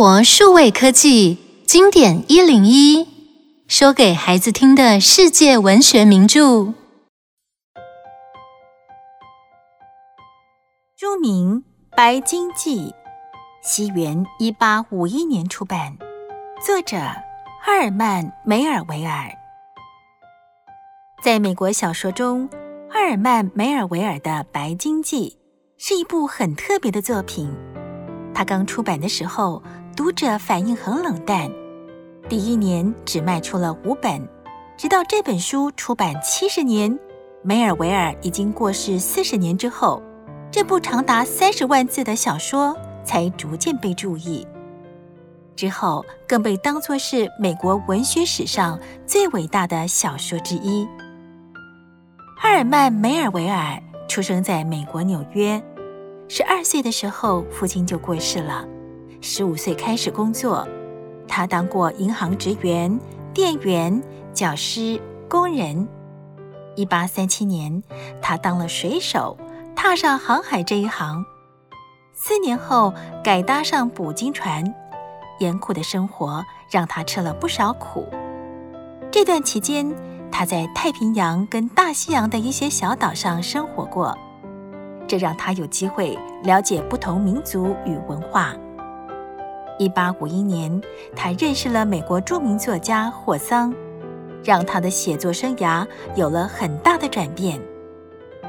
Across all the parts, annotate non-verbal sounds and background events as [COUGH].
國數位科技經典一零一，說給孩子聽的世界文學名著，《書名：白鯨記》，西元一八五一年出版，作者赫爾曼·梅爾維爾。在美國小說中，赫爾曼·梅爾維爾的《白鯨記》是一部很特別的作品。他剛出版的時候，讀者反應很冷淡，第一年只賣出了五本。直到這本書出版七十年，梅爾維爾已經過世四十年之後，這部長達三十萬字的小說才逐漸被注意。之後更被當作是美國文學史上最偉大的小說之一。赫爾曼·梅爾維爾出生在美國紐約，十二歲的時候父親就過世了。十五歲開始工作，他當過銀行職員、店員、教師、工人。一八三七年，他當了水手，踏上航海這一行。四年後，改搭上捕鯨船，嚴酷的生活讓他吃了不少苦。這段期間，他在太平洋跟大西洋的一些小島上生活過，這讓他有機會了解不同民族與文化。一八五一年，他認識了美國著名作家霍桑，讓他的寫作生涯有了很大的轉變。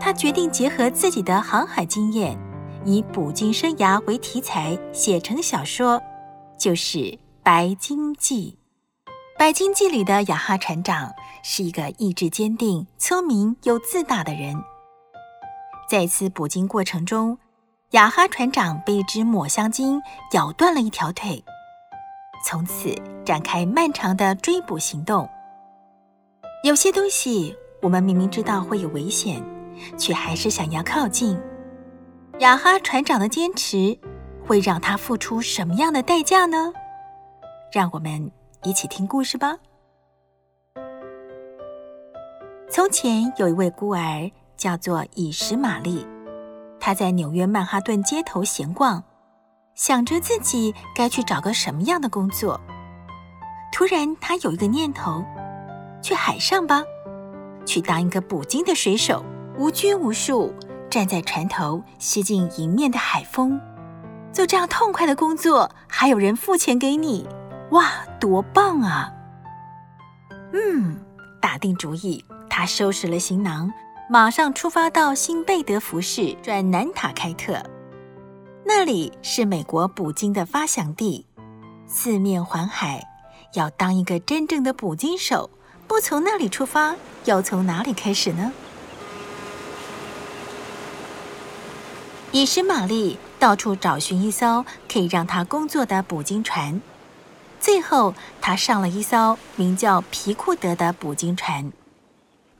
他決定結合自己的航海經驗，以捕鯨生涯為題材寫成小說，就是《白鯨記》。《白鯨記》裡的亞哈船長是一個意志堅定、聰明又自大的人。在一次捕鯨過程中，亞哈船長被一隻抹香鯨咬斷了一條腿，從此展開漫長的追捕行動。有些東西，我們明明知道會有危險，卻還是想要靠近。亞哈船長的堅持，會讓他付出什麼樣的代價呢？讓我們一起聽故事吧。從前有一位孤兒，叫做以實瑪利。他在紐約曼哈頓街頭閒逛，想着自己該去找個什麼樣的工作。突然，他有一個念頭：去海上吧，去當一個捕鯨的水手，無拘無束，站在船頭，吸進迎面的海風，做這樣痛快的工作，還有人付錢給你，哇，多棒啊！嗯，打定主意，他收拾了行囊。馬上出發到新貝德福市，轉南塔開特，那裡是美國捕鯨的發祥地，四面環海。要當一個真正的捕鯨手，不從那裡出發，要從哪裡開始呢？以什瑪麗到處找尋一艘可以讓他工作的捕鯨船，最後他上了一艘名叫皮庫德的捕鯨船。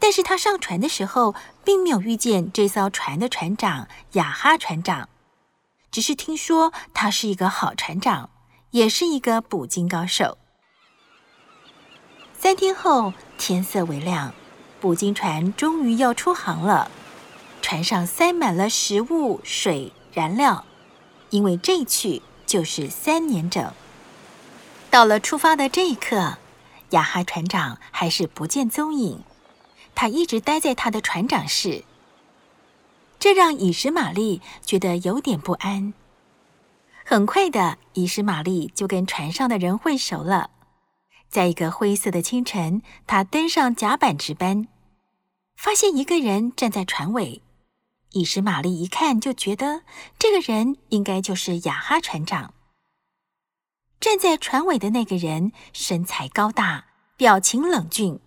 但是他上船的時候，並沒有遇見這艘船的船長雅哈船長，只是聽說他是一個好船長，也是一個捕鯨高手。三天後，天色微亮，捕鯨船終於要出航了。船上塞滿了食物、水、燃料，因為這一去就是三年整。到了出發的這一刻，雅哈船長還是不見蹤影。他一直待在他的船長室，這讓以實瑪利覺得有點不安。很快的，以實瑪利就跟船上的人混熟了。在一個灰色的清晨，他登上甲板值班，發現一個人站在船尾。以實瑪利一看就覺得，這個人應該就是亞哈船長。站在船尾的那個人身材高大，表情冷峻。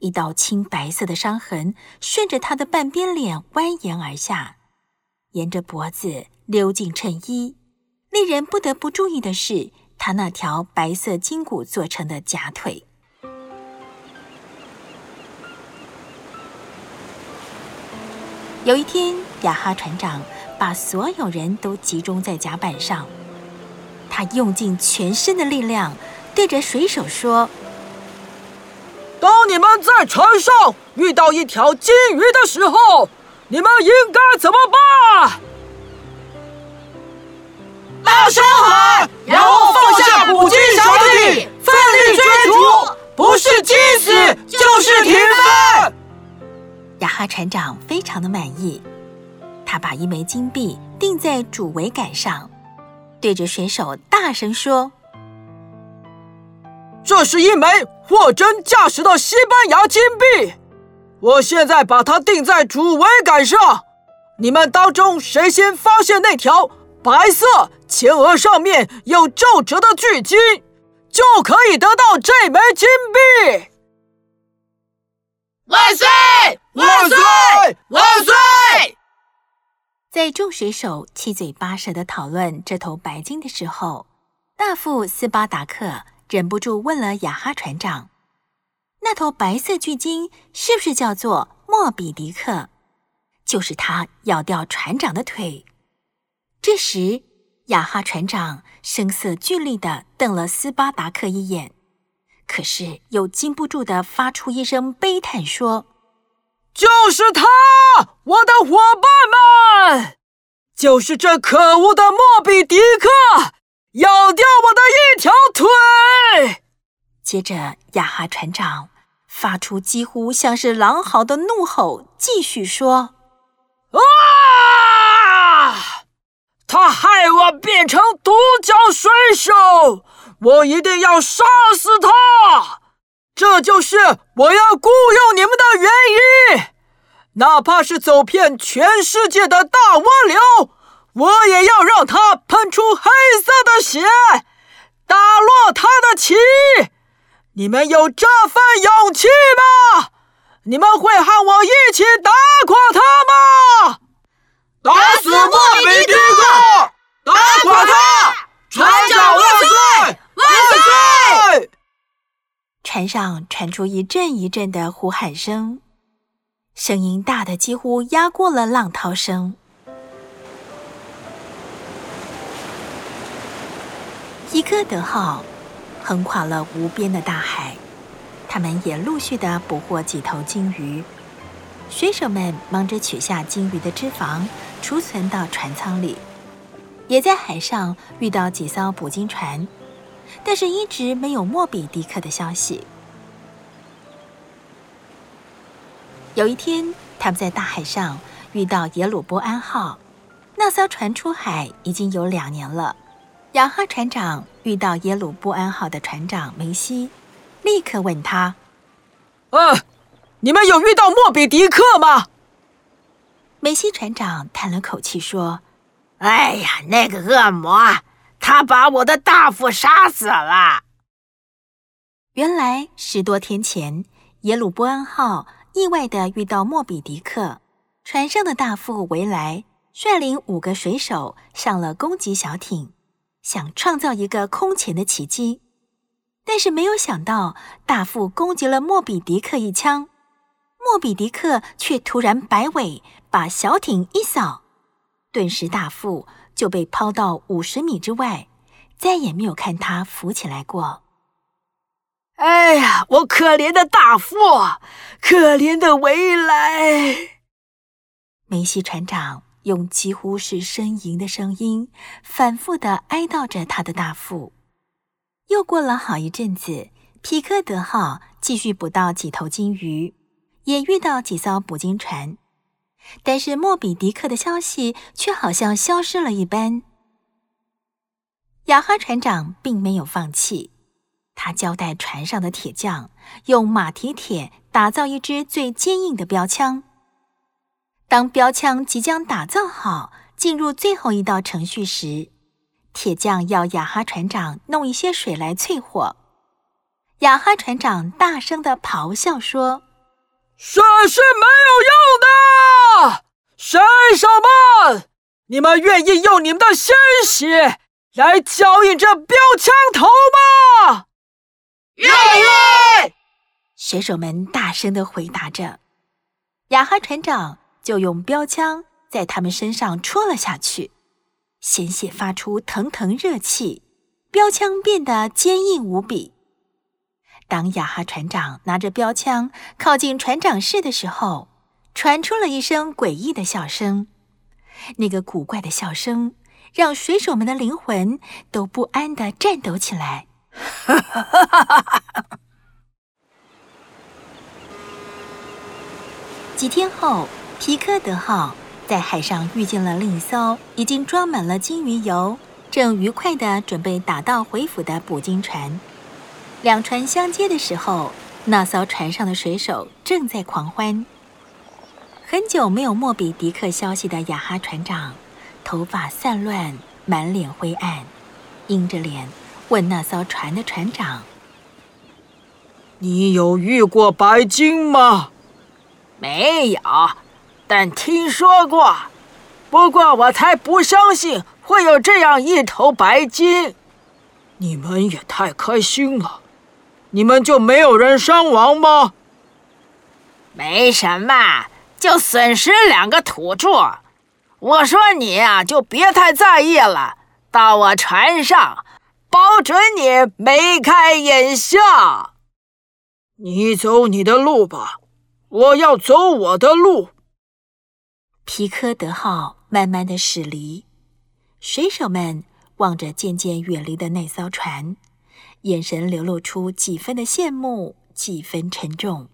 一道青白色的傷痕順着他的半邊臉蜿蜒而下，沿着脖子溜進襯衣。令人不得不注意的是，他那條白色筋骨做成的假腿。 [NOISE] 有一天，雅哈船長把所有人都集中在甲板上，他用盡全身的力量對着水手說。當你們在船上遇到一條鯨魚的時候，你們應該怎麼辦啊？」大聲喊，然後放下捕鯨小艇，奮力追逐，不是鯨死就是艇翻。雅哈船長非常的滿意，他把一枚金幣釘在主桅杆上，對着水手大聲說。這是一枚貨真價實的西班牙金幣。我現在把它釘在主桅杆上。你們當中誰先發現那條白色前額上面有皺褶的巨鯨，就可以得到這枚金幣。萬歲！萬歲！萬歲！在眾水手七嘴八舌的討論這頭白鯨的時候，大副斯巴達克。忍不住問了雅哈船長：“那頭白色巨鯨是不是叫做莫比迪克？就是他咬掉船長的腿。”這時，雅哈船長聲色俱厲的瞪了斯巴達克一眼，可是又禁不住的發出一聲悲嘆，說：“就是他，我的夥伴們，就是這可惡的莫比迪克。”咬掉我的一條腿！接着，亞哈船長發出幾乎像是狼嚎的怒吼，繼續說：“啊！他害我變成獨腳水手，我一定要殺死他！這就是我要雇傭你們的原因。哪怕是走遍全世界的大蝸牛！”我也要讓他噴出黑色的血，打落他的旗，你們有這份勇氣嗎？你們會和我一起打垮他嗎？打死莫比迪克！打垮他！船長萬歲！萬歲！萬歲！船上傳出一陣一陣的呼喊聲，聲音大的幾乎壓過了浪濤聲。伊戈德號橫跨了無邊的大海，他們也陸續的捕獲幾頭鯨魚。水手們忙着取下鯨魚的脂肪，儲存到船艙裡，也在海上遇到幾艘捕鯨船，但是一直沒有莫比迪克的消息。有一天，他們在大海上遇到耶魯波安號，那艘船出海已經有兩年了。亞哈船長遇到耶魯波安號的船長梅西，立刻問他：“嗯、呃，你們有遇到莫比迪克嗎？”梅西船長嘆了口氣說：“哎呀，那個惡魔，他把我的大副殺死了。”原來十多天前，耶魯波安號意外地遇到莫比迪克，船上的大副維萊率領五個水手上了攻擊小艇。想創造一個空前的奇蹟，但是沒有想到大副攻擊了莫比迪克一槍，莫比迪克卻突然擺尾把小艇一掃，頓時大副就被拋到五十米之外，再也沒有看他浮起來過。哎呀，我可憐的大副，可憐的維萊，梅西船長，用幾乎是呻吟的聲音，反覆地哀悼着他的大副。又過了好一陣子，皮克德號繼續捕到幾頭鯨魚，也遇到幾艘捕鯨船，但是莫比迪克的消息卻好像消失了一般。雅哈船長並沒有放棄，他交代船上的鐵匠用馬蹄鐵打造一支最堅硬的標槍。當標槍即將打造好，進入最後一道程序時，鐵匠要雅哈船長弄一些水來淬火。雅哈船長大聲的咆哮說：“水是沒有用的，水手們，你們願意用你們的鮮血來澆印這標槍頭嗎？”“願意！”水手們大聲的回答着。雅哈船長就用標槍在他們身上戳了下去，鮮血發出騰騰熱氣，標槍變得堅硬無比。當雅哈船長拿着標槍靠近船長室的時候，傳出了一聲詭異的笑聲。那個古怪的笑聲讓水手們的靈魂都不安地顫抖起來。哈！ [LAUGHS] 幾天後。皮克德號在海上遇見了另一艘已經裝滿了鯨魚油、正愉快地準備打道回府的捕鯨船。兩船相接的時候，那艘船上的水手正在狂歡。很久沒有莫比迪克消息的雅哈船長，頭髮散亂，滿臉灰暗，陰着臉問那艘船的船長：“你有遇過白鯨嗎？”“沒有。”但聽說過，不過我才不相信會有這樣一頭白鯨。你們也太開心了，你們就沒有人傷亡嗎？沒什麼，就損失兩個土著。我說你呀、啊，就別太在意了。到我船上，保準你眉開眼笑。你走你的路吧，我要走我的路。皮科德號慢慢的駛離，水手們望着漸漸遠離的那艘船，眼神流露出幾分的羨慕，幾分沉重。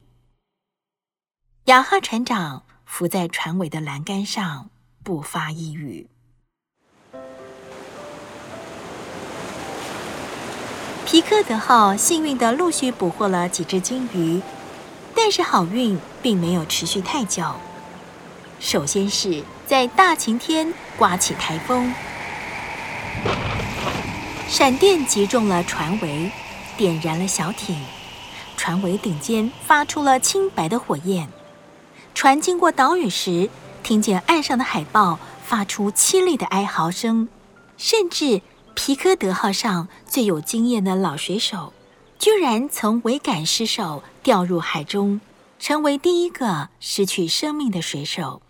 雅哈船長伏在船尾的欄杆上，不發一語。皮科德號幸運的陸續捕獲了幾隻鯨魚，但是好運並沒有持續太久。首先是在大晴天颳起台風，閃電擊中了船桅，點燃了小艇，船桅頂尖發出了青白的火焰。船經過島嶼時，聽見岸上的海豹發出淒厲的哀嚎聲，甚至皮科德號上最有經驗的老水手，居然從桅杆失手掉入海中，成為第一個失去生命的水手。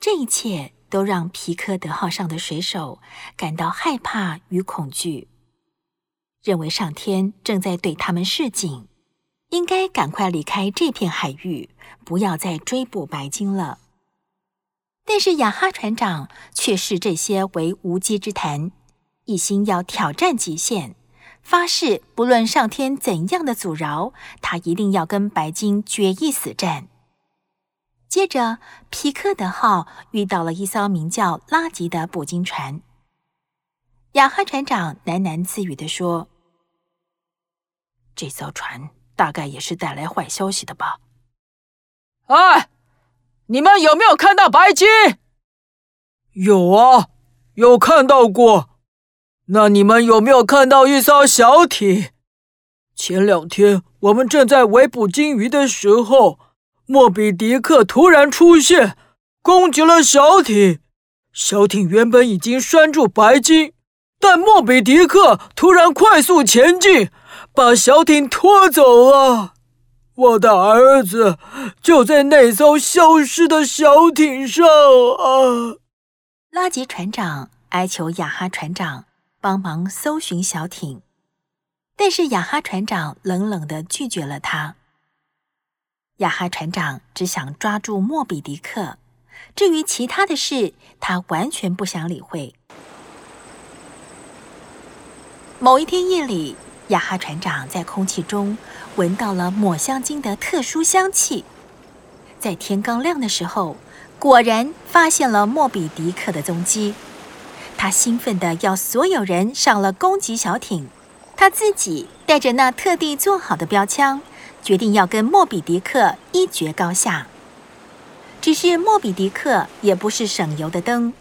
這一切都讓皮科德號上的水手感到害怕與恐懼，認為上天正在對他們示警，應該趕快離開這片海域，不要再追捕白鯨了。但是雅哈船長卻視這些為無稽之談，一心要挑戰極限，發誓不論上天怎樣的阻撓，他一定要跟白鯨決一死戰。接着，皮克德號遇到了一艘名叫拉吉的捕鯨船。亞哈船長喃喃自語地說：“這艘船大概也是帶來壞消息的吧？”哎，你們有沒有看到白鯨？有啊，有看到過。那你們有沒有看到一艘小艇？前兩天我們正在圍捕鯨魚的時候。莫比迪克突然出現，攻擊了小艇。小艇原本已經拴住白鯨，但莫比迪克突然快速前進，把小艇拖走了。我的兒子就在那艘消失的小艇上啊！拉吉船長哀求雅哈船長幫忙搜尋小艇，但是雅哈船長冷冷地拒絕了他。亞哈船長只想抓住莫比迪克，至於其他的事，他完全不想理會。某一天夜裡，亞哈船長在空氣中聞到了抹香鯨的特殊香氣。在天剛亮的時候，果然發現了莫比迪克的蹤跡。他興奮地要所有人上了攻擊小艇，他自己帶着那特地做好的標槍。決定要跟莫比迪克一決高下。只是莫比迪克也不是省油的燈，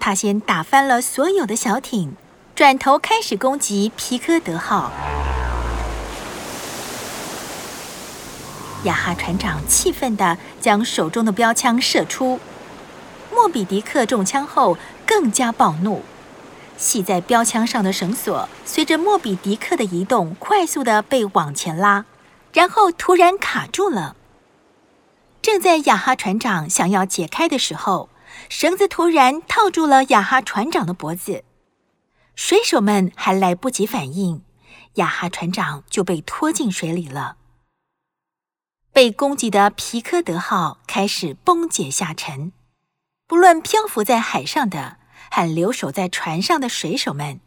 他先打翻了所有的小艇，轉頭開始攻擊皮科德號。雅哈船長氣憤的將手中的標槍射出，莫比迪克中槍後更加暴怒，繫在標槍上的繩索隨着莫比迪克的移動快速的被往前拉。然後突然卡住了。正在雅哈船長想要解開的時候，繩子突然套住了雅哈船長的脖子。水手們還來不及反應，雅哈船長就被拖進水裡了。被攻擊的皮科德號開始崩解下沉。不論漂浮在海上的，還留守在船上的水手們，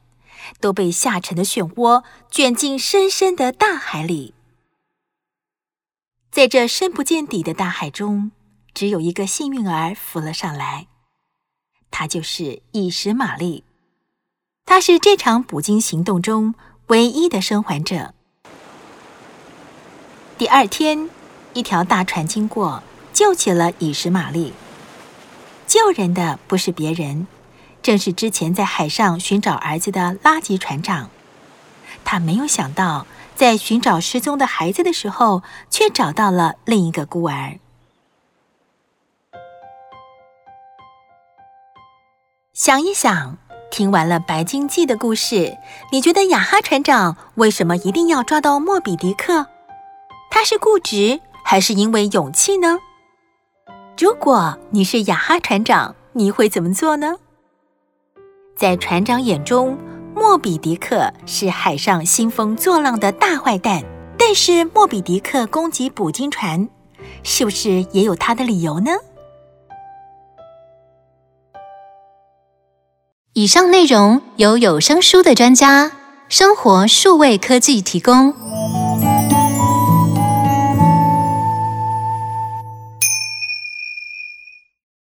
都被下沉的漩渦捲進深深的大海裡。在這深不見底的大海中，只有一個幸運兒浮了上來，他就是以實瑪利。他是這場捕鯨行動中唯一的生還者。第二天，一條大船經過，救起了以實瑪利。救人的不是別人，正是之前在海上尋找兒子的拉吉船長。他沒有想到。在尋找失蹤的孩子的時候，卻找到了另一個孤兒。想一想，聽完了《白鯨記》的故事，你覺得雅哈船長為什麼一定要抓到莫比迪克？他是固執，還是因為勇氣呢？如果你是雅哈船長，你會怎麼做呢？在船長眼中。莫比迪克是海上興風作浪的大壞蛋，但是莫比迪克攻擊捕鯨船，是不是也有他的理由呢？以上內容由有聲書的專家聲活數位科技提供。